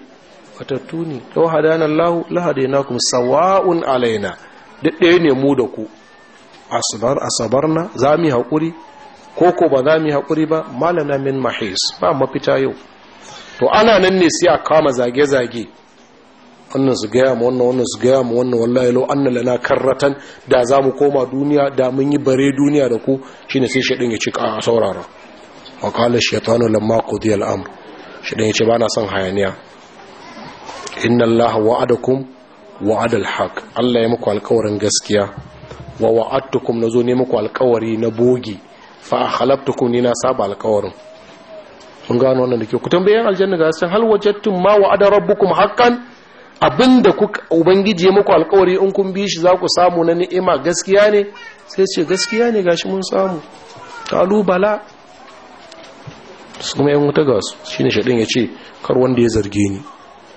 watattu ne lauhadana Allah lahadina ku sawa'un alaina duk ɗaya ne mu da ku Asabar na, za mu haƙuri ko ko ba za mu haƙuri ba malana min mahis ba mafita yau to ana nan ne sai a kama zage-zage wannan su gaya ma wannan wannan su gaya ma wannan wallahi lau anna lana karratan da za mu koma duniya da mun yi bare duniya da ku shine sai shaɗin ya ci a saurara wa qala shaytanu lamma qudiya al-amr shaɗin ya ce ba na son hayaniya inna allaha wa'adakum wa'ad al-haq Allah ya muku alƙawarin gaskiya wa wa'adtukum nazo ne muku alƙawari na bogi fa akhlaftukum ni na saba alƙawarin mun gano wannan da ke ku tambayan aljanna ga sun hal wajadtum ma wa'ada rabbukum haqqan abinda ubangiji ya muku alkawari in kun bi shi za ku samu na ni'ima gaskiya ne sai ce gaskiya ne gashi mun samu kalubala su kuma yan wuta ga su shine shaɗin ya ce kar wanda ya zarge ni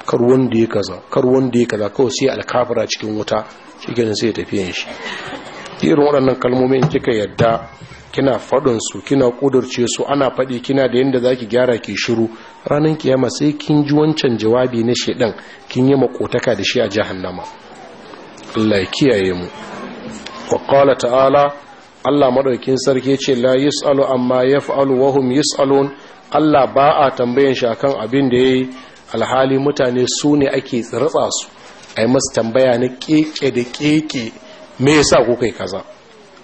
kar wanda ya kaza kar wanda ya kaza kawai sai alkafira cikin wuta cikin sai ya tafi shi irin waɗannan kalmomin kika yadda kina faɗin su kina ƙudurce su ana faɗi kina da yadda zaki gyara ke shiru ranar kiyama sai kin ji wancan jawabi na shedan kin yi makotaka da shi a jahannama Allah ya kiyaye mu wa qala ta'ala Allah maɗaukin sarki ce la yusalu amma yaf'alu wa hum yusalun Allah ba a tambayan shi akan abin da yayi alhali mutane su ne ake tsirtsa su ai masa tambaya na keke da keke me yasa kuka yi kaza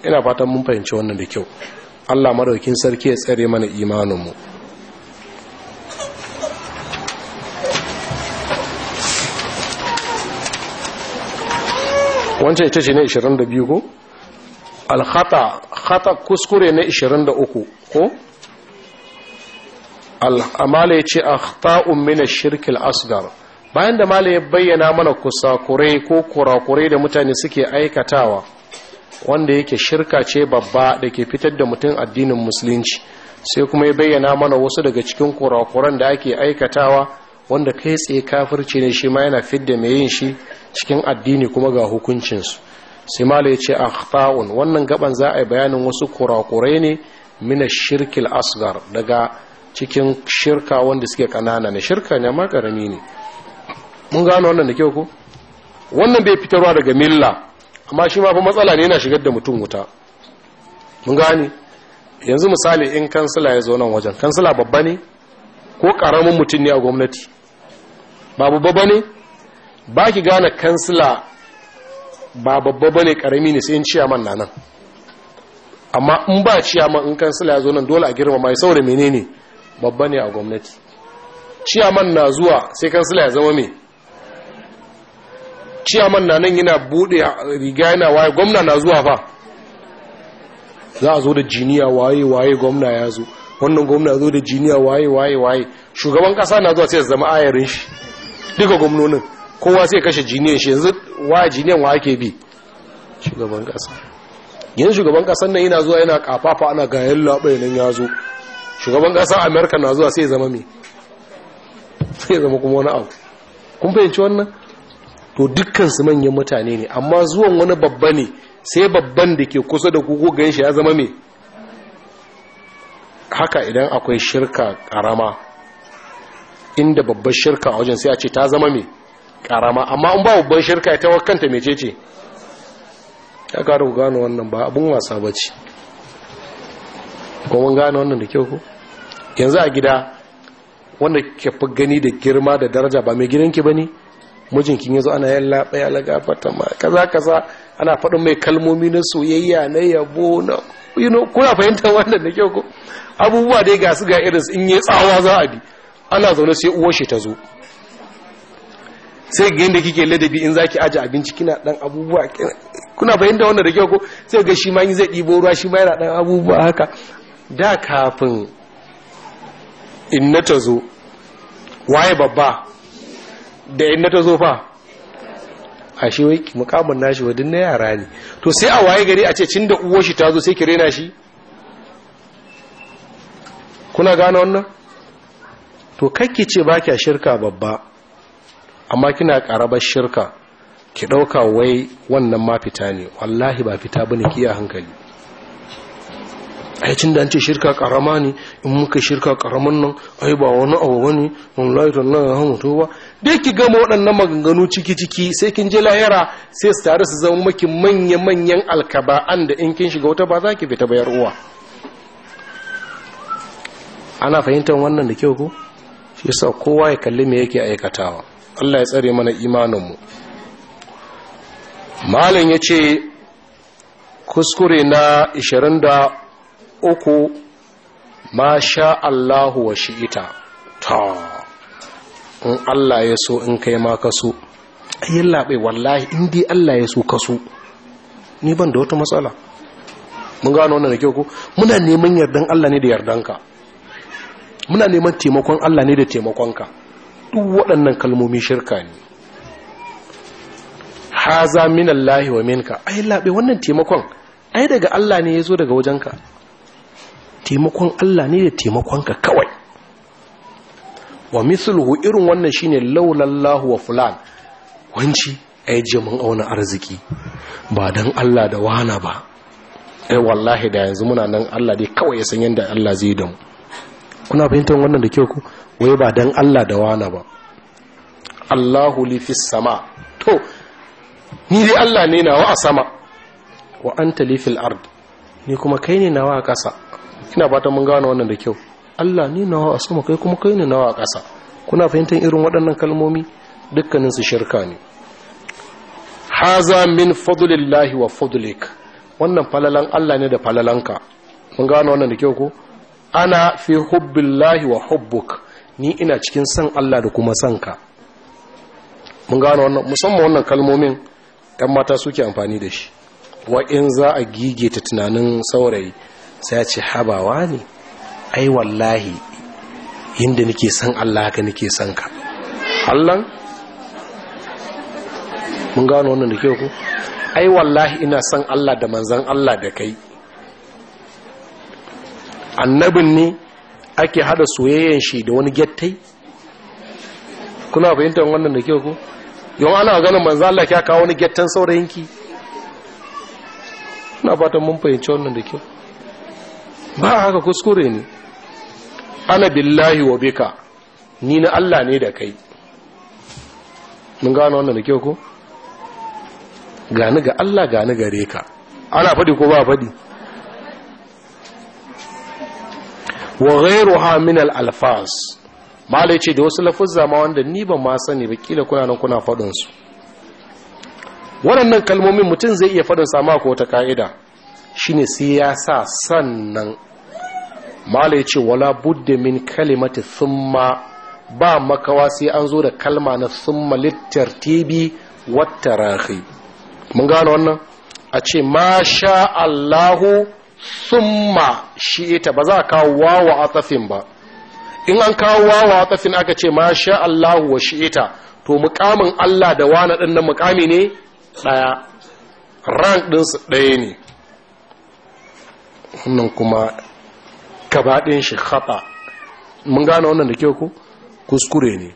ina fatan mun fahimci wannan da kyau Allah madaukin sarki ya tsare mana imaninmu wancan ita ce ne 22 ko alhata hata kuskure ne 23 ko al ya ce akhta'un mina shirkil asgar bayan da mala ya bayyana mana kusakurai ko kurakurai da mutane suke aikatawa wanda yake shirka ce babba da ke fitar da mutum addinin musulunci sai kuma ya bayyana mana wasu daga cikin kurakuran da ake aikatawa wanda kai tsaye kafirci ne shi ma yana fidda mai yin shi cikin addini kuma ga hukuncinsu sai mala ya ce akhta'un wannan gaban za a yi bayanin wasu kurakurai ne mina shirkil asgar daga cikin shirka wanda suke kanana ne shirka ne ma karami ne mun gano wannan da kyau ko wannan bai fitarwa daga milla amma shi ma fa matsala ne yana shigar da mutum wuta mun gane yanzu misali in kansila ya zo nan wajen kansila babba ne ko karamin mutum ne a gwamnati ba babba ba ne ba ki gane kansila ba babba ba ne karami ne sai in ciyaman na nan amma in ba ciyaman in kansila ya zo nan dole a girmama ya saurin menene babba ne a gwamnati ciyaman na zuwa sai kansila ya zama mai ciyaman na nan yana bude riga yana waye gwamna na zuwa fa za a zo da jiniya waye waye gwamna ya zo wannan gwamna zo da jiniya waye waye waye shugaban kasa na zuwa sai ya zama ayarin shi duka gwamnonin kowa sai kashe jiniyan shi yanzu waye jiniyan wa ake bi shugaban kasa yanzu shugaban kasan nan yana zuwa yana kafafa ana gayan labai nan ya zo shugaban ƙasa amerika na zuwa sai ya zama me sai ya zama kuma wani abu kun fahimci wannan to dukkansu manyan mutane ne amma zuwan wani babba ne sai babban da ke kusa da kuku gan shi ya zama mai haka idan akwai shirka karama inda babban shirka a wajen sai a ce ta zama mai karama amma in ba babban shirka ya tawakanta mai ce ya kara ku gano wannan ba abin wasa ba ce kuma gano wannan da kyau ku yanzu a gida wanda ke fi gani da girma da daraja ba mai gidanki ba ne mijinkin zo ana yalla tsaya la gafata ma kaza kaza ana faɗin mai kalmomi na soyayya na yabo na you know kuna fahimtar wannan da kyau ko abubuwa dai ga su ga irin in yi tsawa za a bi ana zaune sai uwar shi ta zo sai ga yadda kike ladabi in zaki aje abinci kina dan abubuwa kuna fahimta wannan da kyau ko sai ga shi ma in zai ɗibo ruwa shi ma yana dan abubuwa haka da kafin in na ta zo waye babba da inda ta zo fa a shi wai mukamin nashi wadin na yara ne to sai a waye gari a ce cin da uwar shi ta zo sai ki rena shi kuna gane wannan to kakki ce ba kya shirka babba amma kina karabar shirka ki ɗauka wai wannan mafita ne wallahi ba fita bane ki a hankali aicin da an ce shirka karama ne in muka shirka karaman nan ai ba wani abu wani wallahi tallahi ya hamuto ba dai ki gama waɗannan maganganu ciki ciki sai kin je lahira sai su tare su zama maki manya manyan alkaba'an da in kin shiga wata ba za ki fita bayar uwa ana fahimtar wannan da kyau ko shi yasa kowa ya kalli me yake aikatawa Allah ya tsare mana imanin mu malam yace kuskure na uku ma sha Allahu wa shi ita ta in Allah ya so in kai ma ka so ayyin wallahi in dai Allah ya so ka so ni ban da wata matsala mun gano wannan da kyau ko muna neman yardan Allah ne da yardanka muna neman taimakon Allah ne da taimakonka duk waɗannan kalmomi shirka ne haza minallahi wa minka Ayin labe wannan taimakon ai daga Allah ne ya zo daga wajenka taimakon Allah ne da taimakonka kawai wa misluhu irin wannan shine laulallahu wa fulan wanci ai je mun auna arziki ba dan Allah da wana ba ai wallahi da yanzu muna nan Allah dai kawai ya san yanda Allah zai da mu kuna fahimtar wannan da kyau ku wai ba dan Allah da wana ba Allahu li fis sama to ni dai Allah ne nawa a sama wa anta li fil ard ni kuma kai ne nawa a kasa ina fata mun gano wannan da kyau Allah ni nawa a sama kai kuma kai ne nawa a ƙasa kuna fahimtar irin waɗannan kalmomi dukkanin su shirka ne haza min fadlillahi wa fadlik wannan falalan Allah ne da falalanka mun gano wannan da kyau ko ana fi hubbillahi wa hubbuk ni ina cikin san Allah da kuma san ka mun gano wannan musamman wannan kalmomin ɗan mata suke amfani da shi wa in za a gige ta tunanin saurayi sai ya ce habawa ne ai wallahi inda nake san Allah haka nake san ka Allah mun gano wannan da kyau ku ai wallahi ina son Allah da manzan Allah da kai annabin ne ake hada soyayyen shi da wani gyattai kuna fahimtar wannan da kyau ku yawan ana ganin manzan Allah ya kawo wani gyattan saurayinki na fatan mun fahimci wannan da kyau ba haka kuskure ne ana billahi wa bika ni na Allah ne da kai mun gano wannan da kyau ko gani ga Allah gani gare ka ana faɗi ko ba faɗi wa ghairuha min al-alfaz malai ce da wasu lafuzza ma wanda ni ban ma sani ba kila kuna nan kuna faɗin su waɗannan kalmomin mutum zai iya faɗin sama ko ta ka'ida shine sai ya sa sannan mala ya ce wala budde min kalimati thumma ba makawa sai an zo da kalma na thumma littartibi wattarahi mun gano wannan a ce ma sha Allahu thumma ita ba za a kawo wawa a tsafin ba in an kawo wawa a tsafin aka ce ma sha Allahu wa ita, to mukamin Allah da wani ɗin nan mukami ne ɗaya rank ɗinsu ɗaya ne wannan kuma gabaɗin shi haɓa. mun gane wannan da kyau ku kuskure ne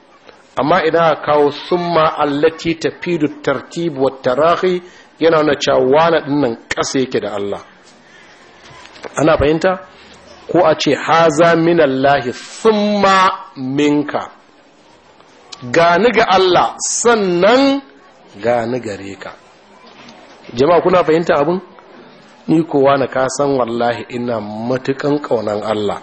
amma idan a kawo summa allati tafidu tartib wa tarahi yana wani cewa wani dinnan ƙasa yake da Allah ana fahimta ko a ce haza minallahi summa minka gani ga Allah sannan gani gare ka jama'a kuna fahimta abin ni kowa na kasan wallahi ina matukan kaunan Allah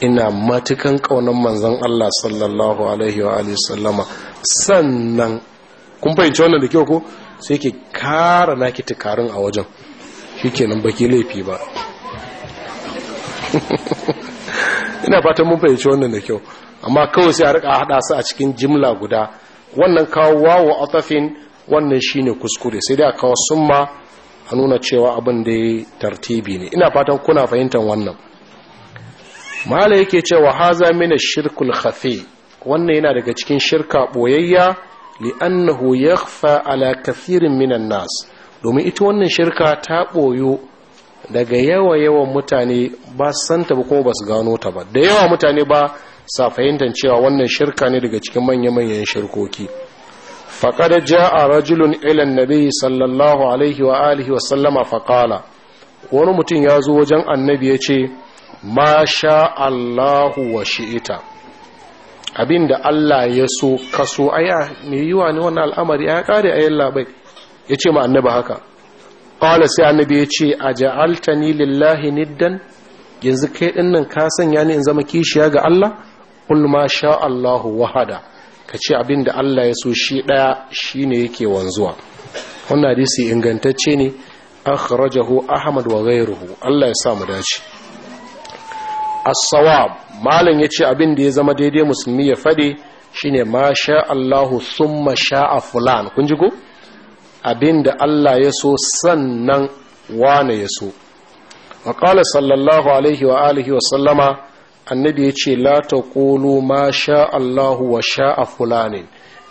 ina matukan kaunan manzon Allah sallallahu alaihi wa alihi sallama sannan kun fahimci wannan da kyau ko sai ke kara naki tukarin a wajen shikenan baki laifi ba ina fatan mun fahimci wannan da kyau amma kawai sai a rika hada su a cikin jimla guda wannan kawo wawo atafin wannan shine kuskure sai dai a kawo summa a nuna cewa abin da ya tartibi ne ina fatan kuna fahimtar wannan mala yake cewa haza mina shirkul khafi wannan yana daga cikin shirka boyayya li'annahu yakhfa ala kathirin minan nas domin ita wannan shirka ta boyo daga yawa yawan mutane ba santa ba kuma ba su gano ta ba da yawa mutane ba sa fahimtar cewa wannan shirka ne daga cikin manya-manyan shirkoki faƙar ja a rajulun ilan nabi sallallahu alaihi wa alihi wa sallama faƙala wani mutum ya zo wajen annabi ya ce ma allahu abinda allah ya so kaso aya mai yiwa ne wannan al'amari ya kare a labai ya ce ma annabi haka ƙwala sai annabi ya ce a ja'altani lillahi niddan yanzu kai dinnan ka sanya ni in zama kishiya ga allah kul ma sha allahu wahada ka ce abin da Allah ya so shi ɗaya shi ne yake wanzuwa wannan hadisi ingantacce ne hu ahmad wa ghayruhu Allah ya sa mu dace as-sawab malam yace abin da ya zama daidai musulmi ya fade shine ma sha Allahu thumma sha'a fulan kun ji ko abin Allah ya so sannan wane ya so wa qala sallallahu alaihi wa alihi wa sallama annabi ya ce la ta ƙolo ma sha Allahu wa sha a fulani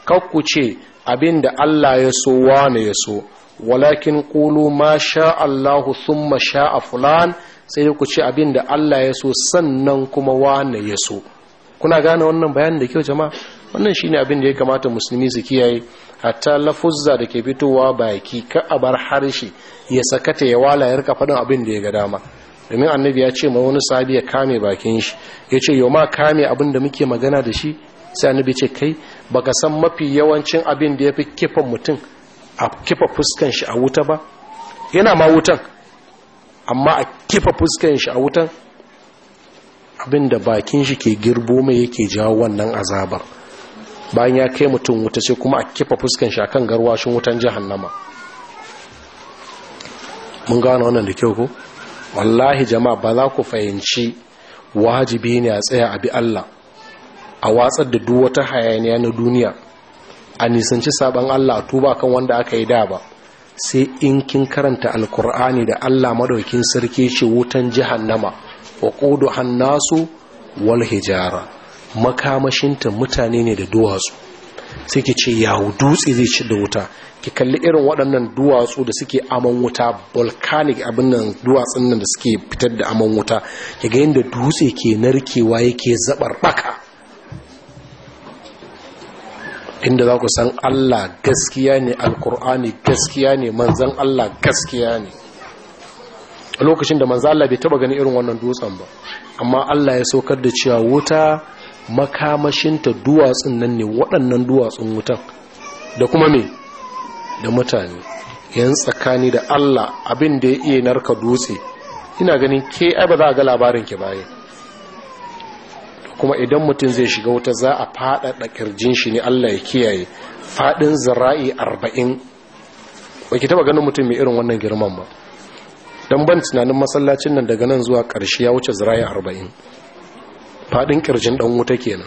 kakku ce abin da Allah ya so wane ya so walakin ƙolo ma sha Allahu sun ma sha a fulan sai ku ce abinda Allah ya so sannan kuma wane ya so kuna gane wannan bayanin da kyau jama'a wannan shine abin da ya kamata musulmi su kiyaye hatta lafuzza da ke fitowa baki ka a bar harshe ya sakata ya wala ya rika faɗin abin da ya ga dama domin annabi ya ce ma wani sahabi ya kame bakin shi ya ce yau ma kame abin da muke magana da shi sai annabi ce kai baka san mafi yawancin abin da ya fi kifa mutum a kifa fuskan shi a wuta ba yana ma wutan amma a kifa fuskan shi a wutan abin da bakin shi ke girbo mai yake jawo wannan azabar bayan ya kai mutum wuta sai kuma a kifa fuskan shi akan garwashin wutan jahannama mun gane wannan da kyau ko wallahi jama'a ba za ku fahimci wajibi ne a tsaya a bi Allah a watsar da duk wata hayaniya na duniya a nisanci sabon Allah a tuba kan wanda aka yi da ba sai in kin karanta alkur'ani da Allah madaukin sarki ce wutan jahannama wa qudu hannasu wal hijara makamashinta mutane ne da duwatsu sai ki ce yahu dutse zai ci da wuta ki kalli irin waɗannan duwatsu da suke aman wuta volcanic abin duwatsun nan da suke fitar da aman wuta ki ga yadda dutse ke narkewa yake zaɓar ɓaka. inda za ku san Allah gaskiya ne alkur'ani gaskiya ne manzan Allah gaskiya ne a lokacin da manzan Allah bai taba gani irin wannan dutsen ba amma Allah ya saukar da cewa wuta makamashinta duwatsun nan ne waɗannan duwatsun wutan da kuma me da mutane yan tsakani da Allah abin da ya iya narka dutse ina ganin ke ai ba za a ga labarin ki baya kuma idan mutum zai shiga wuta za a faɗaɗa kirjin shi ne Allah ya kiyaye faɗin zira'i arba'in ba ki taɓa ganin mutum mai irin wannan girman ba don ban tunanin masallacin nan daga nan zuwa ƙarshe ya wuce zira'i arba'in faɗin ƙirjin ɗan wuta kenan